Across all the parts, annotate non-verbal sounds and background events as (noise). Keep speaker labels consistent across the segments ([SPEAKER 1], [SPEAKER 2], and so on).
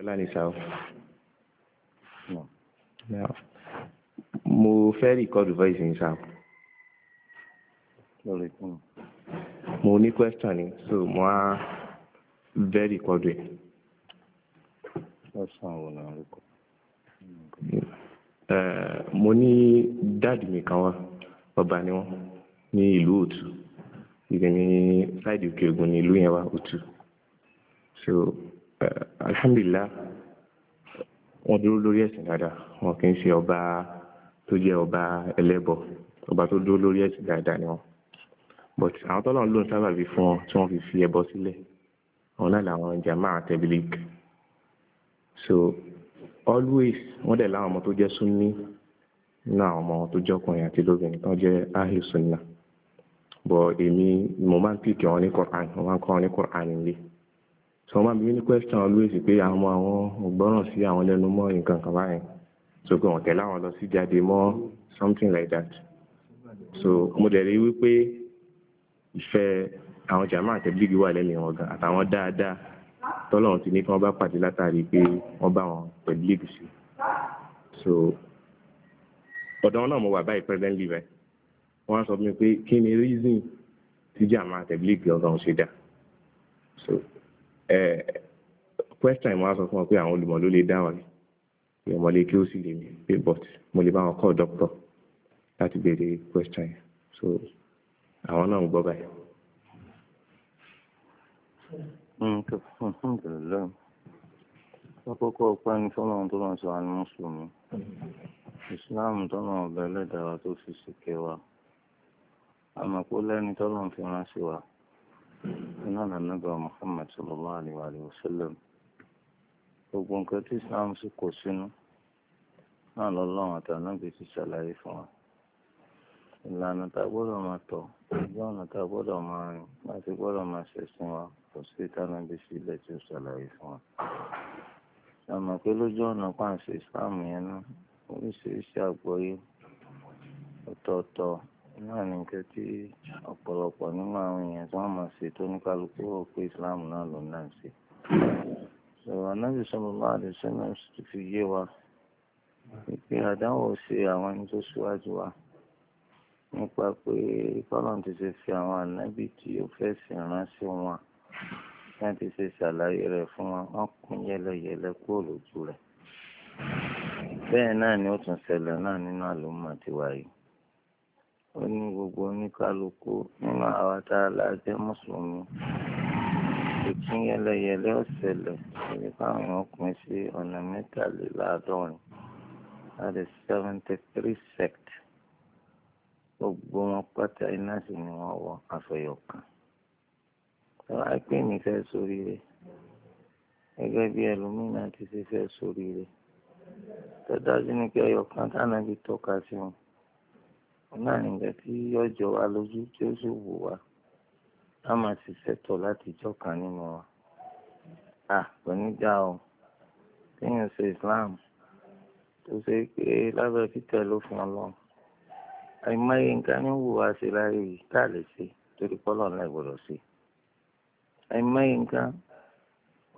[SPEAKER 1] Ọlá ni sá o. Mo fẹ́ rìkọ́dù voice yín sá o. Mo ní question ni, so mo á bẹ́ rìkọ́dù ẹ̀. Mo ní dáàdì mi kan wá, ọba ni wọ́n, ní ìlú Òtù. Ìgbẹ́ ní sáìdì òkè ògùn ní ìlú yẹn wá, Òtù. So alhamdulillah wọ́n dúró lórí ẹ̀sìn dáadáa wọn kì í ṣe ọba tó jẹ́ ọba ẹlẹ́bọ ọba tó dúró lórí ẹ̀sìn dáadáa ni wọn but àwọn tọ́lọ̀ ló ń sábà fi fún wọn tí wọ́n fi fi ẹbọ sílẹ̀ àwọn náà làwọn jama tabligh so always wọ́n dẹ̀ láwọn ọmọ tó jẹ́ sunni nínú àwọn ọmọ tó jẹ́ ọkùnrin àti lóbìnrin tó jẹ́ ahli sunna but èmi mo máa ń pìkì wọn ní Qur'an mo máa ń kọ́ wọn ní Qur'an nílé so wọ́n máa bí ní question always pé àwọn àwọn ògbọ́ràn sí àwọn lẹ́nu mọ́ nǹkan kan báyìí so pé wọ́n tẹ̀lé àwọn lọ sí jáde mọ́ something like that so mo dẹ̀ rí wípé ìfẹ́ àwọn jàmáà àtẹ̀bílígì wà lẹ́nu wọn gan àtàwọn dáadáa tọ́lọ́run ti ní kí wọ́n bá pàdé látàrí pé wọ́n bá wọn pẹ̀lú líìgì sí so ọ̀dọ̀ wọn náà mo wà báyìí presently bẹ́ẹ̀ wọ́n á sọ fún mi pé kí ni reason tí jàmáà àtẹ̀bílígì ọ̀gá òun ṣe dáa question yìí wọ́n á sọ fún ọ pé àwọn olùmọ̀ ló lè dáhùn rẹ̀ pé ọmọlé kí ó sì lè mí pé but mo lè bá wọn call doctor láti béèrè question yẹn so àwọn náà ń gbọ́ báyìí.
[SPEAKER 2] Àkọ́kọ́ ọpẹ́ ní tó lọ́n sọ àwọn mùsùlùmí. Ìsìláàmù tọ́nà ọ̀bẹ ẹlẹ́dàá tó fi ṣèkẹ́ wa. Àmọ́ pé lẹ́ni tọ́lọ́run fi ránṣẹ́ wa ìnáwó anábà Muhammad sallallahu alayhi wa sallam gbogbo nǹkan tí Islam sì kó sínú náà lọ́lọ́run àtànábì ti ṣàlàyé fún wa ìlànà tá a gbọ́dọ̀ máa tọ̀ ìjọ ọ̀nà tá a gbọ́dọ̀ máa rìn láti gbọ́dọ̀ máa ṣẹ̀sìn wa kò sí ìtànábì sí ilẹ̀ tí ó ṣàlàyé fún wa àmọ́ pé lójú ọ̀nà pàǹṣẹ Islam yẹn náà oríṣiríṣi àgbọ́yé ọ̀tọ̀ọ̀tọ̀ náà ní nǹkan tí ọ̀pọ̀lọpọ̀ nínú àwọn èèyàn tí wọ́n máa ṣe tó ní kálukú rò pé islam náà ló náà ń ṣe. sọ̀rọ̀ anábì sallallahu fi yé wa pé àdáwò ṣe àwọn ẹni tó wa nípa pé ti ṣe fi àwọn ànábì tí ó fẹ́ sì wọn láti ṣe ṣàlàyé rẹ̀ fún wọn wọ́n kún yẹlẹyẹlẹ kúrò lójú rẹ̀. bẹ́ẹ̀ náà ni ó tún ṣẹlẹ̀ ó ní gbogbo oníkálukú nínú àwa tá a la jẹ́ mùsùlùmí ìpín yẹlẹyẹlẹ ọ̀sẹ̀lẹ̀ èyí káwọn èèyàn pín sí ọ̀nà mẹ́tàléláàádọ́rin that is seventy three sect gbogbo wọn pátá iná sì ni wọ́n wọ àfẹyọkàn ẹwà pé ní fẹ́ sórí rẹ̀ gẹ́gẹ́ bí ẹlòmíràn ti ṣe fẹ́ sórí rẹ̀ tọ́jú ní kí ẹyọkàn tánà bí tọ́ka sí wọn náà nìkan tí ọjọ́ wa lójú tí ó sì wù wá a máa ti ṣètò láti jọ́ kan nínú wa. à kò ní já o téèyàn ṣe Islam tó ṣe pé lábẹ́ títẹ̀ ló fún ọlọ́run àìmọye nǹkan ní wù wá sí láyé yìí tá a lè ṣe torí pọ́lọ̀ náà gbọ́dọ̀ ṣe àìmọye nǹkan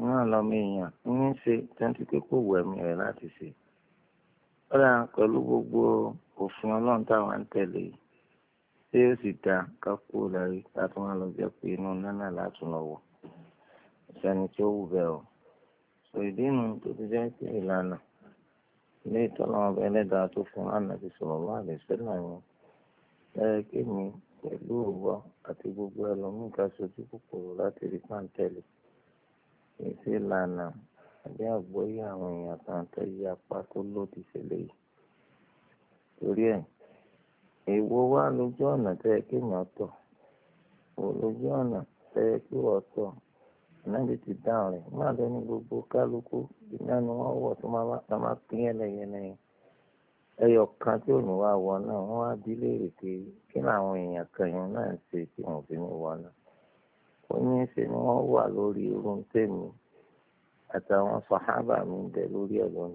[SPEAKER 2] náà lọ́mọ èèyàn ń ṣe tí wọ́n pé kò wù ẹ̀mí rẹ̀ láti ṣe. ó dà pẹ̀lú gbogbo òfin ọlọ́run táwọn ń tẹ̀lé ṣé ó sì dáa ká kú láyé láti wọn lọ jẹ pé inú nánà láti lọ wọ ìsẹni tí ó wù bẹ́ẹ̀ o sọ ìdí nu tó ti jẹ́ pé ìlànà ilé ìtọ́nà ọba ẹlẹ́dàá tó fún ànàbì sọ̀rọ̀ wà lè sẹ́là yẹn lẹ́yìn kí ni pẹ̀lú òwò àti gbogbo ẹlòmíì ká sojú kòkòrò láti rí pàǹtẹ́lì èsì àbí àgbọ́yé àwọn èèyàn kan tó yí apá tó lòdì sílẹ̀ yìí. torí ẹ̀ èwo wá lójú ọ̀nà tẹ́ ẹ kéèyàn tọ̀ lójú ọ̀nà tẹ́ ẹ kí wọ́n tọ̀ ti dáhùn rẹ̀ ma lọ ní gbogbo kálukú iná ni wọ́n wọ̀ tó máa pín yẹlẹyẹlẹ ẹyọ kan tí wọ náà wọ́n wá bí léèrè pé kí làwọn èèyàn kan yẹn náà ń ṣe tí wọ́n fi náà ó ní ṣe ni wọ́n wà lórí tèmi àtàwọn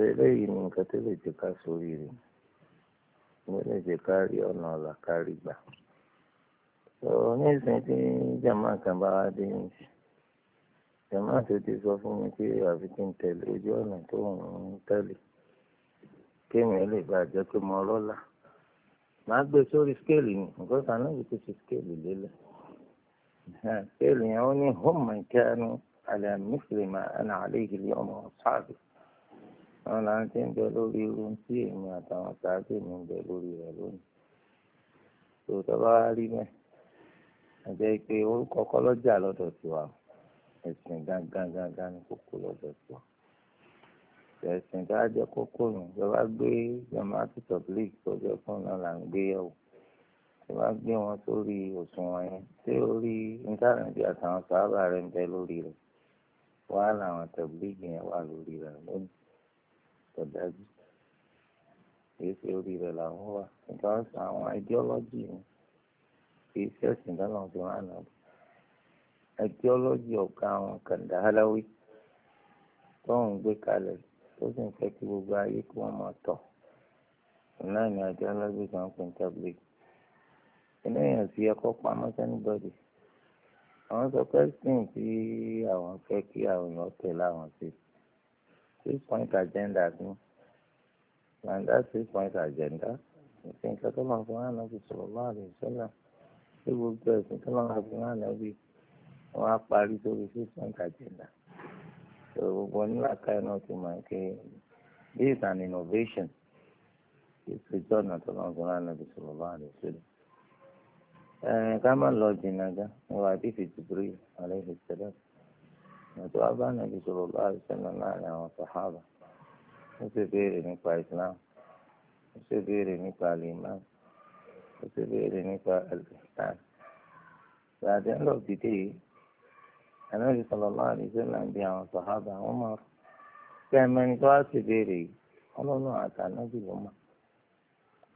[SPEAKER 2] eléyìí ni nǹkan tó lè jẹ́ ká sórí rẹ̀ ló lè jẹ́ ká rí ọ̀nà ọ̀la ká rí gbà. ọ̀rọ̀ nísìnyí tí jàmá kan bá wá dé ní jàmá tó ti sọ fún mi pé àfi kí n tẹ̀lé ojú ọ̀nà tó ń tẹ̀lé kéèmì ẹ lè bá jẹ́ pé mo lọ́la màá gbé sórí skéèlì ni nǹkan àwọn làwọn ti ń bẹ lórí irú tí èmi àtàwọn sáájú mi ń bẹ lórí rẹ lónìí tòótọ́ bá rí mẹ́ àjẹ́ pé orúkọ kọ́lọ́jà lọ́dọ̀ tiwa ẹ̀sìn gangan gangan ní kókó lọ́dọ̀ tiwa ẹ̀sìn tá a jẹ́ kókó nù ìjọba gbé jamaatu public tọ́jọ́ fún náà là ń gbé yẹ̀wò ìjọba gbé wọn sórí òṣùwọ̀n yẹn tí orí íńtánẹ́ẹ̀tì àtàwọn sábà rẹ̀ ń bẹ lórí rẹ̀ wàhálà àwọn tẹ̀blíìgì yẹn wà lórí rẹ̀ lónìí tó dájú kìí ṣe orí rẹ̀ làwọn wà nǹkan àwọn ideology ni kìí ṣe ẹ̀sìn dáná fi wọn àná ideology ọ̀gá àwọn kàndáháláwí tó ń gbé kalẹ̀ tó sì ń fẹ́ kí gbogbo ayé kí wọ́n máa tọ̀ náà ni ideology kan pè ní tablet inú èèyàn sì ẹkọ pamọ́ sẹ́nìbọ̀dì àwọn sọ pé sìn tí àwọn fẹ́ kí àwọn èèyàn tẹ̀ láwọn sí i three-point agenda ni nàìjíríà three-point agenda ìpín nǹkan tó máa fi hàn náà fi sọ̀rọ̀ bá àlè ìṣẹ́lẹ̀ tí gbogbo ẹ̀sìn tó máa fi hàn náà bí wọ́n á parí sórí three-point agenda so gbogbo onílàkà iná ti mọ̀ pé this is an innovation ìpèjọ́ ọ̀nà tó máa fi hàn náà fi sọ̀rọ̀ bá àlè ìṣẹ́lẹ̀ ká má lọ jìnnà gan wọ́n àdìsí Jibril alayhi salam. nítorí ànábì sallallahu bá wasallam láàrin àwọn sàhábà ó sì béèrè nípa islam ó sì béèrè nípa al-iman ó sì béèrè nípa al-ihsan ìgbàdé lọ dìde yìí ànábì sallallahu alaihi wasallam bí àwọn sàhábà wọn máa kí ẹ mẹni tó wá sì béèrè yìí ọlọ́nà àtànábì ló mọ̀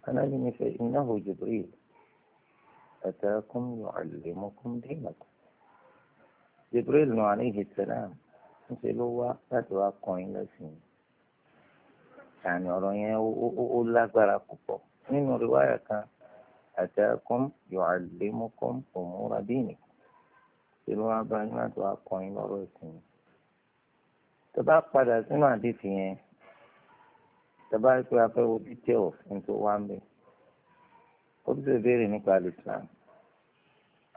[SPEAKER 2] ànábì ní fa innahu Jibril atakum yu'allimukum dinakum. jibril nù alayhi salam ń ṣe ló wá láti wá kọyìn lẹ́sìn yàní ọ̀rọ̀ yẹn ó lágbára púpọ̀ nínú riwaya kan atakum yu'allimukum umura dinikum ṣe ló wá bá yín láti wá kọyìn lọ́rọ̀ ìsìn tó bá padà sínú àdìsí yẹn tó bá rí pé a fẹ́ wo detail wá ń bẹ̀ ó ti ṣe béèrè nípa alìsílámù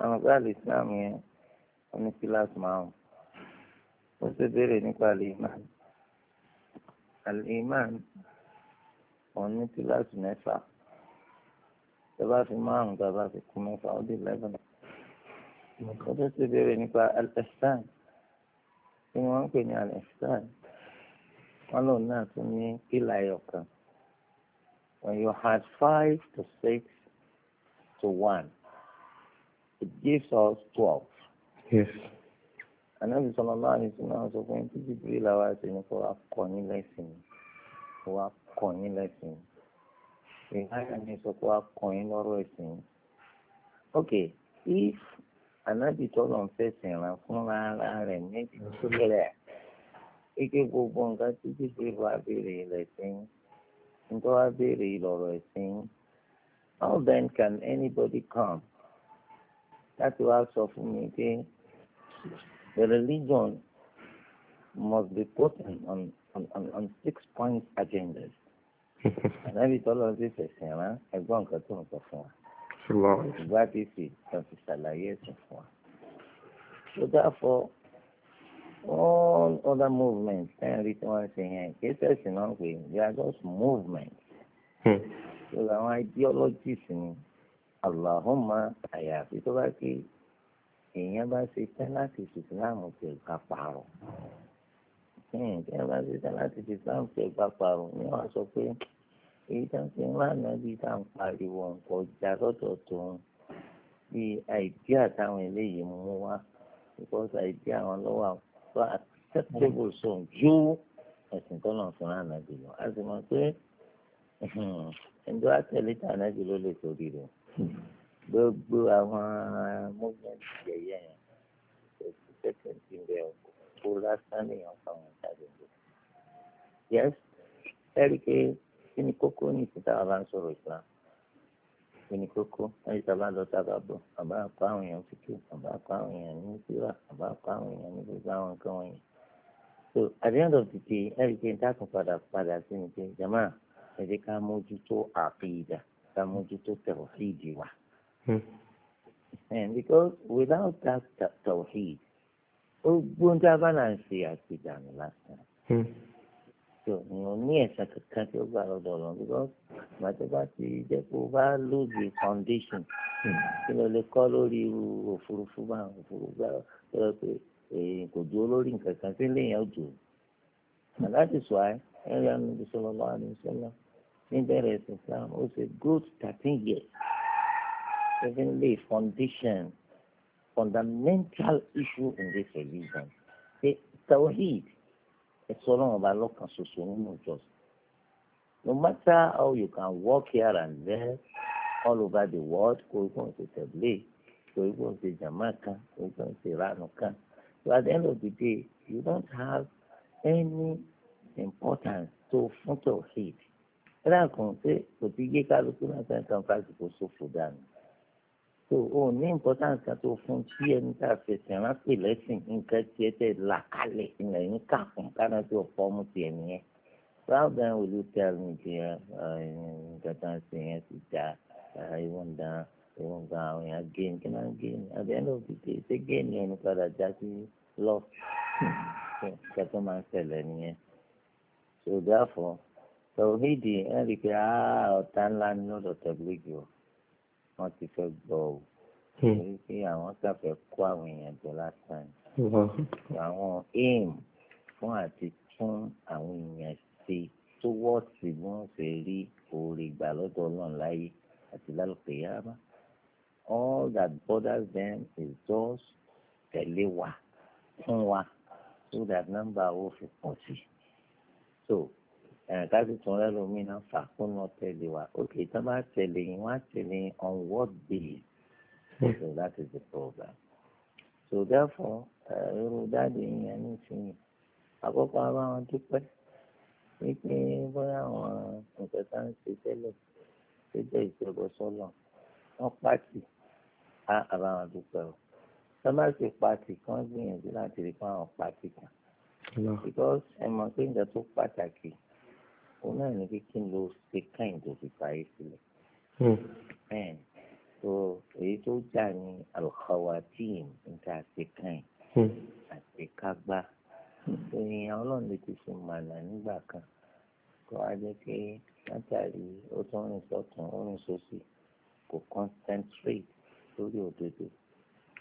[SPEAKER 2] àwọn ọ̀gá alìsílámù yẹn. ní kíláàsì márùn ó ṣe béèrè nípa al-iman al-iman òun ní kíláàsì mẹ́fà tó bá fi márùn tó bá fi kún mẹ́fà ó di eleven ó tó ṣe béèrè nípa al-ihsan tí wọ́n ń pè ní al-ihsan wọ́n lòun náà tún ní kílà ẹyọ kan when you had five to six to one it gives us twelve. Yes. Ànábì sọ̀rọ̀ náà ní sinú àwọn sọ fún yín tí jìbìrì làwọn àti ẹni kó wa kọ́ yín lẹ́sìn kó wa kọ́ yín lẹ́sìn. Ìhàyà ni sọ pé wa kọ́ yín lọ́rọ̀ ẹ̀sìn. Ok, if ànábì tọ́lọ̀ ń fẹ̀sìn rán fúnra ara rẹ̀ méjì sílẹ̀ ike gbogbo nǹkan tí jìbìrì wa béèrè lẹ́sìn nítorí wa béèrè lọ́rọ̀ ẹ̀sìn. How then can anybody come? Láti wá sọ fún mi pé. the religion must be put on, on, on, on six point agendas. (laughs) And every dollar this is ẹgbọ́n nǹkan tó ń sọ fún it. That is tí sì kan So therefore, all other movements ten rí tí saying, it is yẹn kì í they are just movements. Hmm. So àwọn ideologies in Allahumma àyàfi tó bá kí èèyàn bá ṣe tán láti fi ìsìláàmù tẹ̀ gbà pààrọ̀ èèyàn bá ṣe tán láti fi ìsìláàmù tẹ̀ gbà pààrọ̀ ni wọ́n sọ pé èyí tó ń fi ńlànà bíi tá à ń pariwo nǹkan ọjà lọ́dọ̀ tòun bíi àìdíà táwọn eléyìí mú wá because àìdíà àwọn lọ́wọ́ àwọn acceptable song ju ẹ̀sìn tó náà fún ànábì lọ a sì mọ̀ pé ẹ̀ńdọ́ àtẹ̀lẹ́tà ànábì ló lè torí rẹ̀ gbogbo àwọn movement yẹyẹ yẹn twenty second ti bẹ kó lásán nìyẹn fáwọn ìtajà ìgbò. yes ẹ rí i pé kí ni kókó ní ìsìta wa bá ń sọ̀rọ̀ ìsìlámù ní kókó ẹyí tá a bá lọ tá a bá bọ̀ àbá kọ́ àwọn èèyàn fíkì àbá kọ́ àwọn èèyàn ní síra àbá kọ́ àwọn èèyàn ní gbogbo àwọn nǹkan wọ̀nyí. so at the end of the day ẹ̀rí pé dákun padà padà sí ni pé jama ẹ jẹ́ ká mójútó àkídà ká mójútó tẹ̀wọ̀ sí ìdí wa. Hmm. and because without that tawhid gbogbo ń tá a bá náà ṣe àṣedànù lásán tó hmm. èèyàn ní ẹ̀sán kankan tí ó gbà lọ́dọ̀ ọ̀rọ̀ because ìgbà tó bá ti jẹ́ pé ó bá the foundation hmm. kí ló lè kọ́ lórí irú òfurufú bá òfurufú bá tó yẹ pé kò dúró lórí nǹkan kan tí lèèyàn jò láti sọ ẹ ẹ rí àmì ìṣọlọ lọ́wọ́ àmì ìṣọlọ níbẹ̀rẹ̀ ìsìn Islam ó ṣe good thirteen years sevenly foundation fundamental issue in this religion the tawhid ẹ̀sọ́ ọlọ́run ọba lọ́kàn and nínú ìjọsìn no matter how you can walk here and there all over the world go to the table, go to ṣe jàmá kan koríko ń ṣe ìranu at the end of the day you don't have any importance tó fún tawhid ẹ dákun ṣe kò ti yé kálukú náà sẹ́ńtàn fásitì kò ṣòfò dànù so o ní importance kan tó fún tí ẹni tá a fẹsẹ̀ ránpẹ́ lẹ́sìn nǹkan tí ẹ tẹ̀ là kalẹ̀ ilẹ̀ yín kà fún kánà tí o fọ́ mu nìyẹn rather than will you tell me there uh, nǹkan tá a ṣe yẹn ti da ìwọ̀n da ìwọ̀n ga àwọn èèyàn gain kí náà gain at the end of the day ṣé gain yẹn ni padà já sí loss nǹkan tó máa ń ṣẹlẹ̀ nìyẹn so therefore tòhídìí ẹ̀ rí i pé ah, ọ̀tá ńlá ni lọ́dọ̀ tẹ̀lé jù ọ́ wọ́n ti fẹ́ gbọ́ o hmm. torí pé àwọn kàfẹ́ kó àwọn èèyàn jọ lásán ni hmm. àwọn aim fún àti tún àwọn èèyàn ṣe tó wọ́ọ̀sì bí wọ́n ṣe rí oore gbà lọ́dọ̀ ọlọ́run láyé àti lálùpẹ̀ yára all that bothers them is just tẹ̀lé wa fún wa so that number ó fi pọ̀ sí so káàsì tún lẹ́lòmíì náà fàkún náà tẹ̀lé wa òkè tó bá tẹ̀lé yín wá tẹ̀lé on what base so that is the problem so therefore eh, irú dáàdi yẹn ní ìsinyìí àkọ́kọ́ abáwọn dúpẹ́ wípé bóyá àwọn nǹkan tá ń ṣe tẹ́lẹ̀ tó jẹ́ ìṣẹ́gun sọ́nà wọ́n pàtì á àbáwọn dúpẹ́ o tó bá sì pàtì kan gbìyànjú láti rí fún àwọn pàtì kan because ẹ mọ̀ pé nǹkan tó pàtàkì òun náà ní kí kí n lo ṣe káyìn tó fi fàyè sílẹ̀. Hmm. bẹ́ẹ̀ tó èyí tó dà ní alkhawatin níta ṣe káyìn hmm. àti kágbá ènìyàn hmm. ọlọ́run lè ti fi mànà nígbà kan kó a jẹ́ pé látàrí ó tún rìn sọ́tún ó rìn sósì kò concentrate lórí òdodo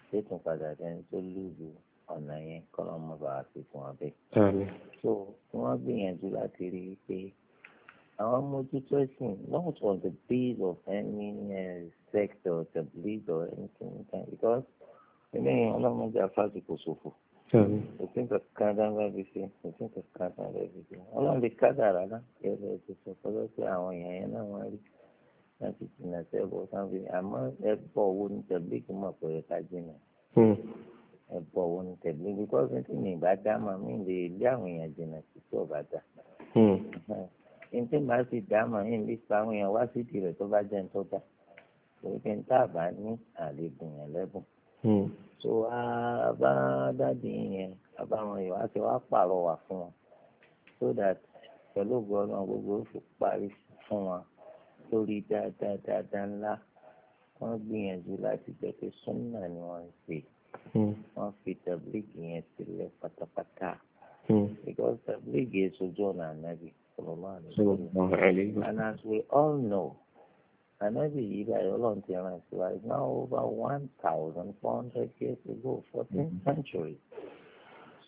[SPEAKER 2] ṣé tún padà dẹni tó lùlù ọ̀nà yẹn kọ́ lọ́mọ bàbá fi fún ọ bẹ́ẹ̀. so wọ́n gbìyànjú láti rí i pé àwọn mójútó ẹ̀sìn not on the base of any uh, sect or the belief or anything like because eléyìí ọlọ́mọdé afáàjì kò ṣòfò òfin kankan dáńgá bí ṣe òfin kankan dáńgá bí ṣe ọlọ́run lè ká dàrá náà ẹ̀rọ ti sọ fọlọ́ pé àwọn èèyàn yẹn náà wọ́n rí láti jìnnà sẹ́bọ sáfì àmọ́ ẹ̀bọ̀ owó ní tẹ̀blíkì mọ̀ pé ẹ̀ka jìnnà hmm. ẹ̀bọ̀ owó ní tẹ̀blíkì because ní tí mi ìbá dá mọ̀ mí lè lé àwọn èèyàn jìnnà sí tí ọ̀bá dà ntí màá sì dáàmà yín lè pa àwọn èèyàn wá sídìí rẹ̀ tó bá jẹ́ nítorí dá torí pé níta bá ní àlebùn hmm. yẹn lẹ́bùn. so abádáde yẹn abáwọn èèyàn á ti wá pàrọwà fún wọn so that pẹ̀lú gbọ́dọ̀ gbogbo ó fi parí fún wọn lórí dáadáa dáadáa ńlá wọ́n gbìyànjú láti jẹ́ pé súnà ni wọ́n ń ṣe hmm. wọ́n fi tàbílíìgì yẹn sílẹ̀ pátápátá hmm. because tàbílíìgì yẹn sojú ọ̀nà ànábì sallallahu alayhi
[SPEAKER 1] wa sallam. and
[SPEAKER 2] as we all know anabi yìí báyìí ọlọ́run ti ràn sí wa now over one thousand four hundred years ago fourteenth mm-hmm. century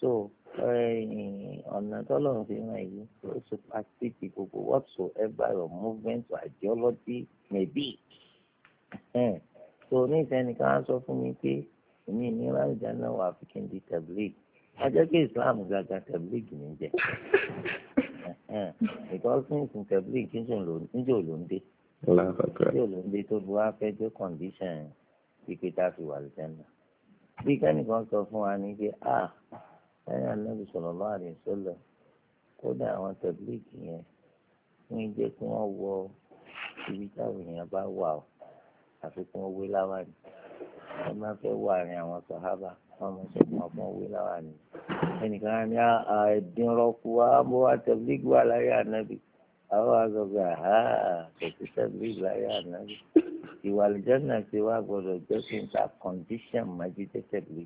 [SPEAKER 2] so ọ̀nà tọ́lọ́run fi ràn yìí ó ti pàṣípì gbogbo whatsoever your movement or ideology may be. so ní ìsẹ́nìkan á sọ fún mi pé èmi ìnira ìdáná wà fi kí n di tẹ̀blíìgì ajẹ́ pé Islam gàgà tẹ̀blíìgì ní because ní ìsìn tẹ̀blì níjò ló ń dé níjò ló ń dé tó bu afẹ́jọ́ condition pípé tá a fi wà lùtẹ́nà bí kẹ́nìkan sọ fún wa ní pé a ẹ̀yìn anábì sọ̀rọ̀ lọ́wọ́ àdìsọ́lọ̀ kódà àwọn tẹ̀blì yẹn wọ́n jẹ́ kí wọ́n wọ ibi táwọn èèyàn bá wà ó àfikún owó láwàní wọ́n máa fẹ́ wà ní àwọn sọ̀hábà àwọn ṣẹ̀gbọ́n fún òwe lára ni ẹnìkan á ní ah, àìdínrọ́kù wa bó wa tẹ̀blígì wà láyé ànábì àwọn àgbàgbà ha kò sí tẹ̀blígì láyé ànábì ìwà àlùjànnà ti wá gbọdọ̀ jẹ́ kí n ta kọ̀ǹdíṣàn májídé tẹ̀blígì.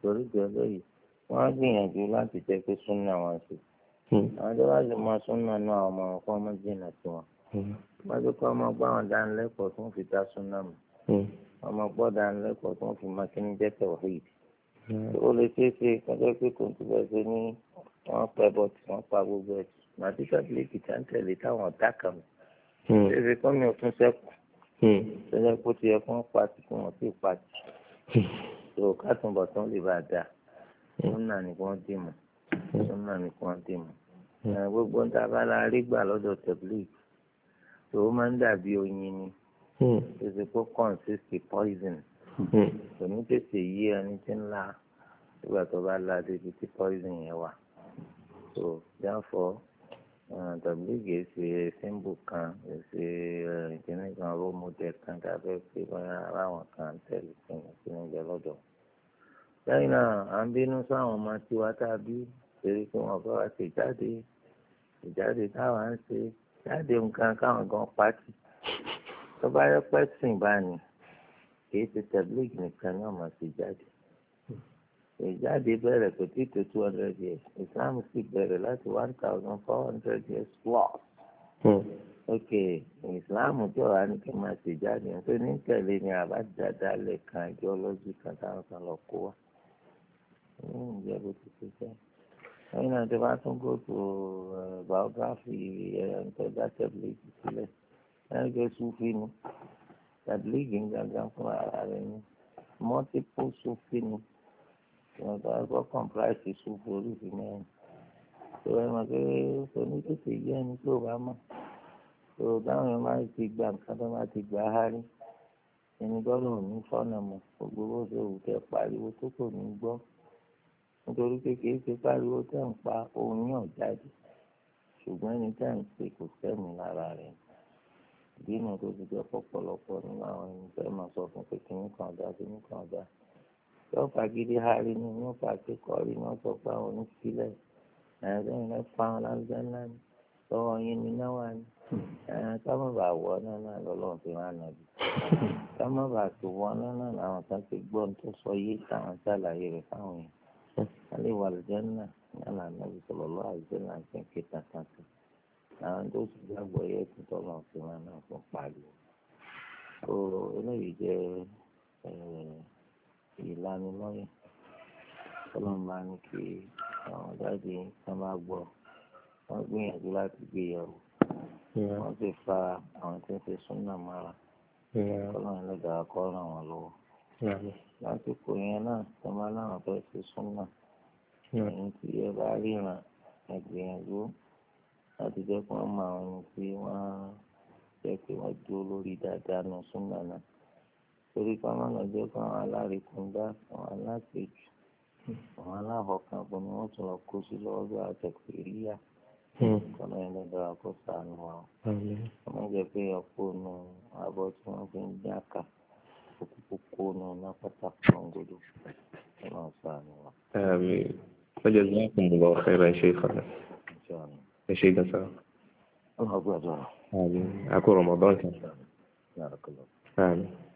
[SPEAKER 2] torí jọ lóye wọ́n á gbìyànjú láti jẹ́ pé súnà wọn sí hmm. àwọn tó bá sì máa súnà náà ọmọ ọkọ ọmọ jìnnà sí wọn hmm. wọ́n ti kọ́ ọmọ gbọ́ àwọn dánilẹ́kọ̀ọ́ tó ń fi ta súnà ọmọ gbọ́dọ̀ ànilẹ́kọ̀ọ́ tí wọ́n fi máa kí ní jẹ́ tẹ̀wọ̀hìd. Hmm. ó lè ṣeé ṣe kọjá pé kò ń túbọ̀ ṣe ní wọ́n pẹ́ bọ́ tí wọ́n pa gbogbo ẹ̀ màtí kátólíìkì tá ń tẹ̀lé táwọn ọ̀tá kan mọ̀. Hmm. ṣéṣe kọ́ mi ò tún sẹ́kù. Hmm. ṣẹlẹ̀ kó ti yẹ fún pati kí wọ́n sì pati. tó kátùnbọ̀ tán lè bá a dà. wọ́n náà ní kí wọ́n dì mọ́. wọ́n náà ní kí wọ́n dì mọ́. gbogbo ń ṣe pé consist poison hmm. kò ní tètè yé ẹni tí ń la nígbà tó bá la débi tí poison yẹn wà so therefore tàbí uh, kìí ṣe símbù kan kìí ṣe uh, ìkíní kan rómọdé kan tàbí pé báyà aráwọn kan tẹ̀lé fún ìkíní jẹ lọ́dọ̀ lẹ́yìn náà à ń bínú sáwọn ọmọ tiwa tá torí pé wọn fẹ́ wá ṣèjáde ìjáde táwọn ń ṣe jáde nǹkan káwọn gan pátì tó bá yẹ pé sìn bá ní kìí ṣe tẹ̀blíìgì nìkan ni wọ́n máa ṣe jáde ìjáde bẹ̀rẹ̀ kò tí tó two hundred years Islam sì bẹ̀rẹ̀ láti one thousand four hundred years plus. Hmm. ok Islam jọ wa ní kí n máa ṣe jáde nítorí ní tẹ̀lé ni àbájáde alẹ́ kan geology kan táwọn kan lọ kó wa. ìjẹ́ bó ti ṣe jẹ́ lẹ́yìn náà tó bá tún gòtò eh, biography ẹ̀rọ eh, tó dá tẹ̀blíìgì sílẹ̀ ẹgbẹ́ sufi ni tàbílíìgì ń gangan fún ara rẹ̀ ni multiple sufi ni ìwọ̀n tó akọ́ comprise sufi oríṣi ni tó ẹ mọ̀ pé onítètè jẹ́ ẹni tó bá mọ̀ tó dáhùn ẹ máa ti gba nǹkan tó máa ti gbà á rí ẹni gbọ́dọ̀ ní fọ́nà mọ̀ gbogbo bó ṣe wù kẹ́ pariwo tó kò ní gbọ́ nítorí pé kìí ṣe pariwo tẹ̀ ń pa òun yàn jáde ṣùgbọ́n ẹni tẹ̀ ń pè kò sẹ́mi lára rẹ̀ ni ìdí náà tó ti jẹ́ pọ̀pọ̀lọpọ̀ nínú àwọn ènìyàn fẹ́ máa sọ fún pé kínní kan ọ̀dà kínní kan ọ̀dà yóò fà gidi ni yóò fà kíkọ́ rí ni wọ́n sọ pé àwọn onífilẹ̀ ẹ̀ẹ́dẹ́gbẹ̀rún lẹ́fà àwọn lálùjá ńlá ni lọ́wọ́ yín ni náà wà ní kámọ́ bá wọ nánà lọ́lọ́run fi máa nà bí kámọ́ bá tó wọ nánà làwọn kan ti gbọ́ tó sọ yé táwọn sàlàyé rẹ̀ fáwọn yẹn alẹ́ wà lùjẹ́ náà nánà nàbí sọ̀rọ̀ lọ́wọ́ àìsàn náà ti tàkàtà àwọn tó sì gbàgbọ́ yẹ kí tọ́lọ̀ fi wọn náà fún pariwo. so eléyìí jẹ́ ìlanilọ́yẹ̀ tọ́lọ̀ máa ní kí àwọn jáde ká máa gbọ́ wọ́n gbìyànjú láti gbé e yẹ̀wò wọ́n sì fa àwọn tí ń ṣe súnà mára tọ́lọ̀ ẹlẹ́dàá kọ́ ràn wọ́n lọ́wọ́. lásìkò yẹn náà tó máa láwọn fẹ́ ṣe súnà ẹ̀yìn tí ẹ bá ríran ẹgbìyànjú láti jẹ́ kí wọ́n mọ àwọn ẹni tí wọ́n jẹ́ pé wọ́n dúró lórí dáadáa nù súnà náà torí ká má lọ jẹ́ pé àwọn alárekúndá àwọn alápèjù àwọn aláhọ̀kànbọ̀ ni wọ́n tún lọ kó sí lọ́wọ́ bí àtẹ̀kùn ìríyà kọ́nà ẹ̀ lọ́dọ̀ àkóso àná wa ọmọ jẹ́ pé ọ̀pọ̀ nù abọ́ tí wọ́n fi ń dín àkà kókókó nù lápáta pọ̀ngodo ọlọ́run sọ àná wa.
[SPEAKER 1] Ẹ̀ẹ́dì, wọ́n jẹ́ bí wọ́n lọ fẹ́ràn ṣe fọ́nà. ماشي ده سوا الله أكبر آمين أكون رمضان يا رب الله آمين